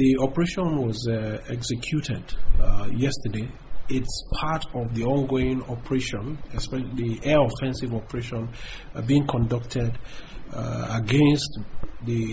The operation was uh, executed uh, yesterday. It's part of the ongoing operation, especially the air offensive operation uh, being conducted uh, against the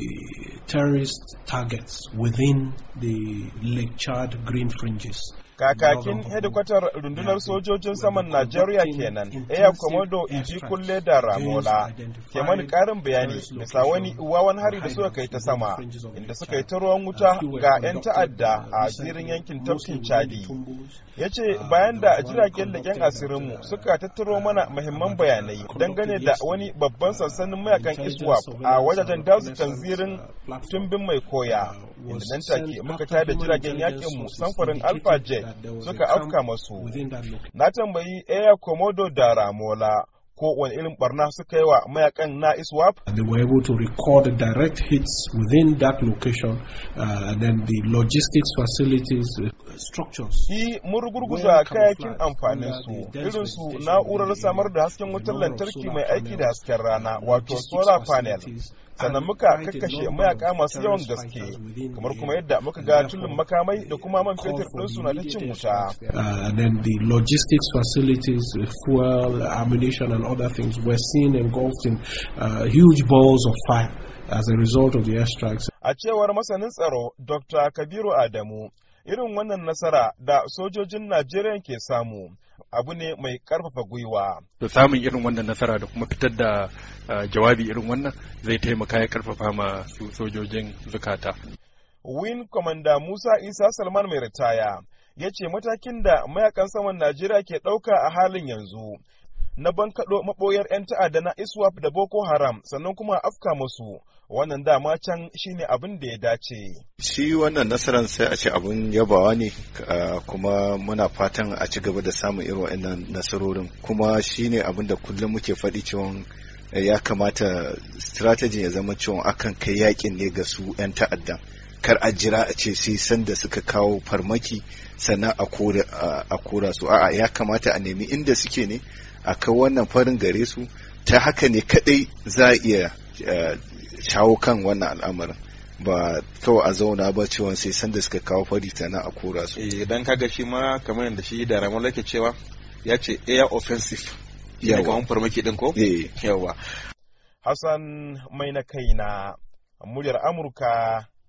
terrorist targets within the Lake Chad green fringes. kakakin hedikwatar rundunar sojojin saman najeriya kenan air Commodo iji kulle da ramola ke mani karin bayani bisa wani wawan hari da suka kai ta sama inda suka yi ta ruwan wuta ga 'yan ta'adda uh, a asirin yankin tafkin chadi ya ce uh, bayan da jiragen leƙen asirinmu uh, suka tattaro mana mahimman bayanai dangane da wani babban sansanin mayakan iswap a wajajen dazukan zirin tumbin mai koya inda nan take muka tada jiragen yakinmu samfurin alpha jet suka afka masu. Na tambayi Air Komodo da Ramola ko wani irin barna suka yi wa mayakan na iswap they were able to record direct hits within that location uh, and then the logistics facilities uh, structures shi murgurguza kayakin amfanin su irin su na'urar samar da hasken wutar lantarki mai aiki da hasken rana wato solar panel sannan muka kakkashe mayaka masu yawan gaske kamar kuma yadda muka ga tulun makamai da kuma man fetur din na ta cin wuta. Uh, then the logistics facilities, uh, fuel, ammunition and other things were seen engulfed in uh, huge balls of fire as a result of the airstrikes. A cewar masanin tsaro Dr. Kabiru Adamu, irin wannan nasara da sojojin Najeriya ke samu abu ne mai karfafa gwiwa. Da samun irin wannan nasara da kuma fitar da eh, jawabi irin wannan zai taimaka ya karfafa ma sojojin zukata. Win Kwamanda Musa Isa Salman mai ritaya ya ce matakin da mayakan saman Najeriya ke ɗauka a halin yanzu na bankaɗo maɓoyar 'yan ta'adda na iswap da boko haram sannan kuma afka musu wannan dama can shine abin da ya dace shi wannan nasarar sai a ce abin yabawa ne kuma muna fatan a ci gaba da samun irin wannan nasarorin kuma shine abin da kullum muke faɗi cewa eh, ya kamata strategy ya zama cewa akan kai yakin ne ga su 'yan ta'adda kar a jira a ce sai sanda suka kawo farmaki sannan a kora su a'a ya kamata a nemi inda suke ne a kai wannan farin gare su ta haka ne kadai za a iya eh, shawo kan wannan al'amarin ba kawai a zauna ba cewa sai sanda suka kawo fari sannan a kora su idan eh, kaga shi ma kamar yadda shi da ramon lake cewa ya ce air offensive ya kawo farmaki din ko eh. yawa hassan mai na kaina muryar amurka